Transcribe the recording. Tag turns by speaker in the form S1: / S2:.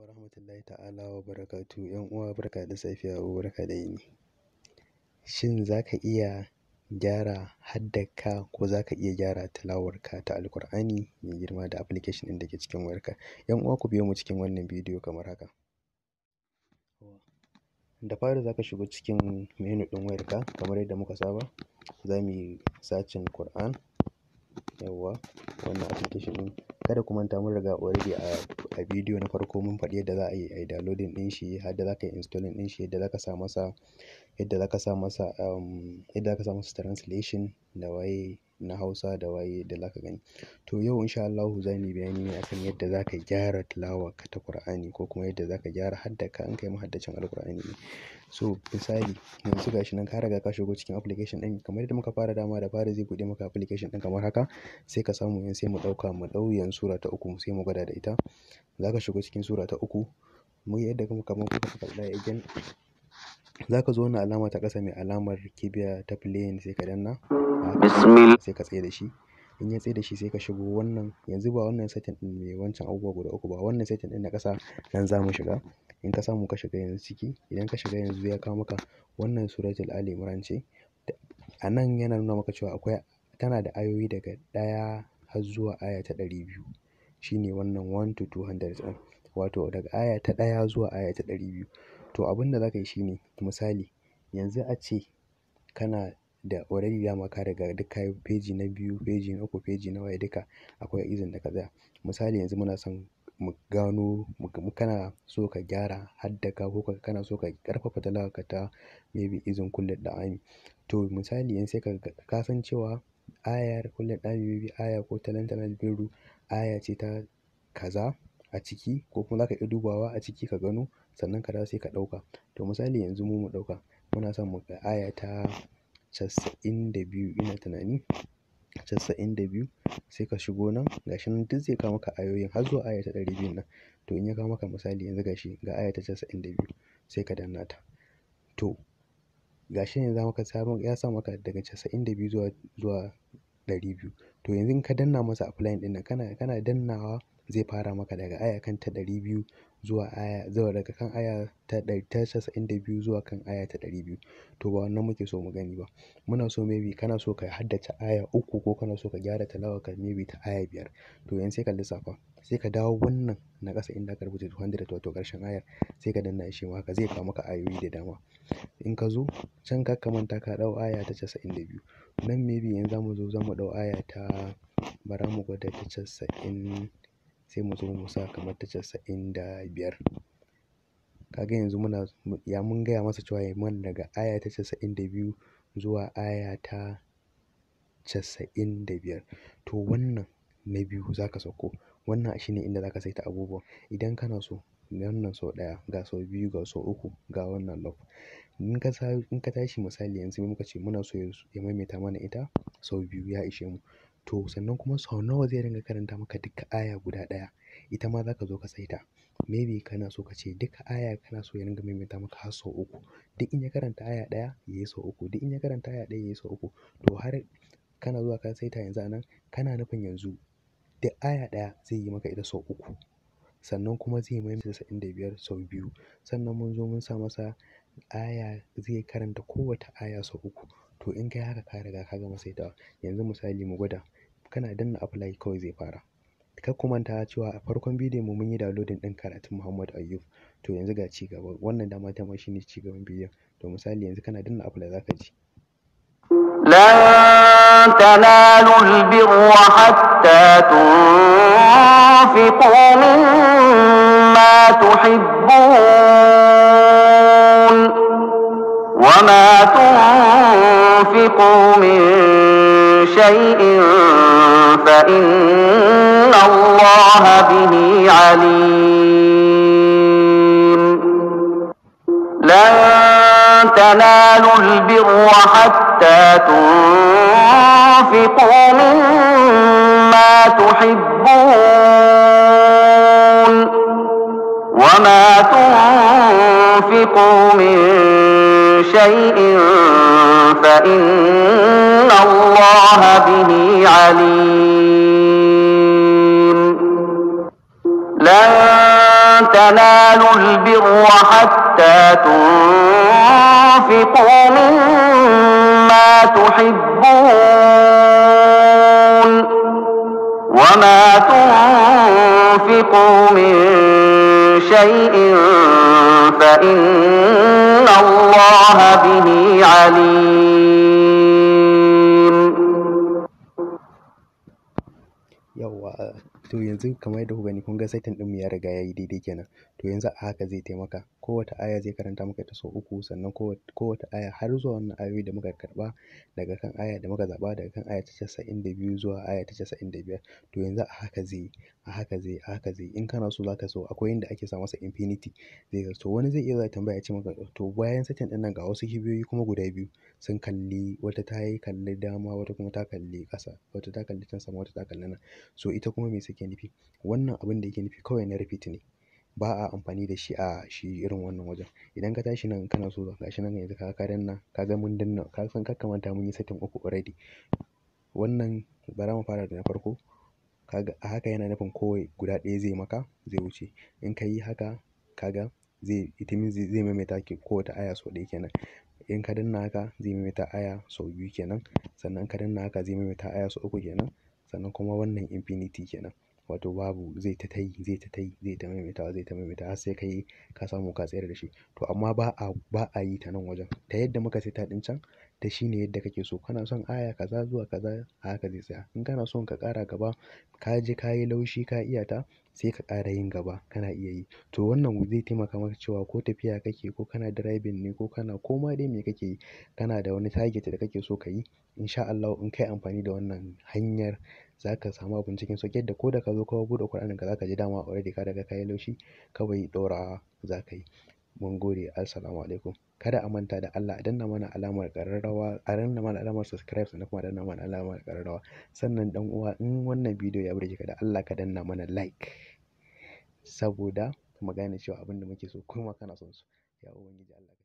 S1: wa rahmatullahi ta'ala wa barakatu yan uwa barka da safiya wa barka da yini shin zaka iya gyara haddaka ko zaka iya gyara tilawarka ta alkur'ani mai girma da application ɗin dake ke cikin wayarka yan uwa ku biyo mu cikin wannan bidiyo kamar haka da fari zaka shigo cikin menu ɗin wayarka kamar yadda muka saba zamu yi searching Qur'an yauwa wannan application ɗin kada ku manta mun riga already a bidiyo na farko mun faɗi yadda za a yi a yi downloading ɗin shi har da za ka yi installing ɗin shi yadda za sa masa yadda za sa masa um, yadda za ka sa masa translation da waye na Hausa da waye da za gani. To yau insha Allahu za mu yi bayani ne akan yadda zaka ka gyara tilawarka ta Kur'ani ko kuma yadda zaka ka gyara ka in kai mahaddacin Alkur'ani ne. So misali yanzu gashi nan ka riga ka shigo cikin application ɗin kamar yadda muka fara dama da fari zai buɗe maka application ɗin kamar haka sai ka samu in sai mu ɗauka mu dauyan yanzu sura ta uku sai mu gwada da ita. Za ka shigo cikin sura ta uku muyi yadda kuma kamar kuka faɗa again za ka zo wannan alama ta kasa mai alamar kibiya ta playing sai ka danna. bismillah sai ka tsaye da shi in ya tsaye da shi sai ka shigo wannan yanzu ba wannan setting din mai wancan abubuwa guda uku ba wannan setting din na ƙasa nan za mu shiga in ka samu ka shiga yanzu ciki idan ka shiga yanzu ya kawo maka wannan suratul ali imran ce a nan yana nuna maka cewa akwai tana da ayoyi daga ɗaya har zuwa aya ta ɗari biyu shine wannan one to two ɗin wato daga aya ta ɗaya zuwa aya ta ɗari biyu to abin da za ka yi shine misali yanzu a ce kana da already dama maka daga duk ka feji na biyu, feji na uku, feji na waye duka akwai izin da ka tsaya. Misali yanzu muna son mu gano kana so ka gyara haddaka ko kana so ka ƙarfafa ka ta maybe izin da ɗa'ami. To misali yanzu sai ka, san cewa ayar kullum ɗa'ami maybe aya ko na birru aya ce ta kaza a ciki ko kuma za ka iya dubawa a ciki ka gano sannan ka dawo sai ka ɗauka. To misali yanzu mu mu ɗauka muna son mu ga aya ta casa'in da biyu ina tunani casa'in da biyu sai ka shigo nan gashi nan duk zai kawo maka ayoyin har zuwa ayata ta ɗari biyun nan to in ya kawo maka misali yanzu gashi ga ayata ta casa'in da biyu sai ka danna ta to gashi yanzu maka ya sa maka daga casa'in da biyu zuwa zuwa ɗari biyu to yanzu in ka danna masa applying ɗin nan kana kana dannawa zai fara maka daga aya kan ta ɗari biyu zuwa aya zuwa daga kan aya ta ɗari ta casa'in da biyu zuwa kan aya ta ɗari biyu to ba wannan muke so mu gani ba muna so maybe kana so ka haddace aya uku ko kana so ka gyara talawa ka maybe ta aya biyar to yanzu sai ka lissafa sai ka dawo wannan na ƙasa inda ka rubuta 200 wato ƙarshen ayar sai ka danna shi ma haka zai kawo maka ayoyi da dama in ka zo can ka manta ka ɗau aya ta casa'in da biyu nan maybe yanzu za mu zo za mu ɗau aya ta bara mu gwada ta casa'in sai mu zo mu sa kamar ta casa'in da biyar. Kaga yanzu muna ya mun gaya masa cewa ya mana daga aya ta casa'in da biyu zuwa aya ta casa'in da biyar. To wannan na biyu za ka sauko. Wannan shi ne inda za ka saita abubuwan. Idan kana so wannan sau ɗaya, ga sau biyu, ga sau uku, ga wannan lof In ka tashi misali yanzu muka ce muna so ya maimaita mana ita sau biyu ya ishe mu. To sannan kuma sau nawa zai ringa karanta maka duka aya guda ɗaya. Ita ma za ka zo ka saita. Maybe kana so ka ce duka aya kana so ya ringa maimaita maka har sau uku. Duk in ya karanta aya ɗaya yi sau uku, duk in ya karanta aya ɗaya yi sau uku. To har kana zuwa ka saita yanzu anan, nan kana nufin yanzu duk aya ɗaya zai yi maka ita sau uku. Sannan kuma zai maimaita sa'in da biyar sau biyu. Sannan mun zo mun sa masa aya zai karanta kowace aya sau uku. To in kai haka ka riga ka gama saitawa. Yanzu misali mu gwada kana danna apply kawai zai fara. ka ku manta cewa a farkon bidiyon mu mun yi downloading ɗin karatun Muhammad Ayub. To yanzu ga ci gaba. Wannan dama dama shine ci gaban bidiyon. To misali yanzu kana danna apply zaka ka ji. لن تنالوا البر حتى تنفقوا مما تحبون وما تنفقوا من شيء فإن الله به عليم لن تنالوا البر حتى تنفقوا مما تحبون وما تنفقوا من شيء فإن الله به عليم لن تنالوا البر حتى تنفقوا مما تحبون وما تنفقوا من شيء فإن الله به عليم to yanzu kamar yadda ku gani kun ga saitin ɗinmu ya riga ya yi daidai kenan to yanzu a haka zai taimaka kowace aya zai karanta maka ta sau uku sannan kowace aya har zuwa wannan ayoyi da muka karɓa daga kan aya da muka zaɓa daga kan aya ta casa'in da biyu zuwa aya ta casa'in da biyar to yanzu a haka zai yi a haka zai a haka zai in kana so za ka so akwai inda ake sa masa infinity zai ga to wani zai iya zai tambaya ya ce maka to bayan saitin ɗin nan ga wasu kibiyoyi kuma guda biyu sun kalli wata ta yi kalli dama wata kuma ta kalli ƙasa wata ta kalli can sama wata ta kalli nan so ita kuma mai yake nufi. Wannan abun da yake nufi kawai na repeat ne. Ba a amfani da shi a shi irin wannan wajen. Idan ka tashi nan kana so ga shi nan yanzu ka ka danna ka ga mun danna ka san kar ka manta mun yi setting uku already. Wannan bara mu fara da na farko. Ka ga a haka yana nufin kawai guda ɗaya zai maka zai wuce. In ka yi haka ka ga zai it means zai maimaita ki kowace aya sau ɗaya kenan. In ka danna haka zai maimaita aya sau biyu kenan. Sannan in ka danna haka zai maimaita aya sau uku kenan. sannan kuma wannan infinity kenan wato babu zai ta tayi zai ta tayi zai ta maimaitawa zai ta maimaitawa har sai kai ka samu ka tsayar da shi to amma ba a a yi ta nan wajen ta yadda muka saita ɗin can da shi ne yadda kake so. Kana son aya kaza zuwa kaza a haka zai tsaya. In kana son ka kara gaba ka ji ka yi laushi ka iya ta sai ka kara yin gaba kana iya yi. To wannan zai taimaka maka cewa ko tafiya kake ko kana driving ne ko kana koma dai me kake yi kana da wani target da kake so ka yi. In sha in ka amfani da wannan hanyar za ka samu abin cikin sauƙi da ko da ka zo ka buɗe Kur'aninka za ka ji dama already ka riga ka yi laushi kawai ɗorawa za ka yi. Mun gode. Assalamu alaikum. Kada a manta da Allah a danna mana alamar ƙararrawa, a danna mana alamar subscribe sannan kuma a danna mana alamar ƙararrawa. Sannan dan uwa in wannan bidiyo ya burge ka da Allah ka danna mana like. Saboda mu gane cewa abin da muke so kuma kana son su. Ya Ubangiji Allah.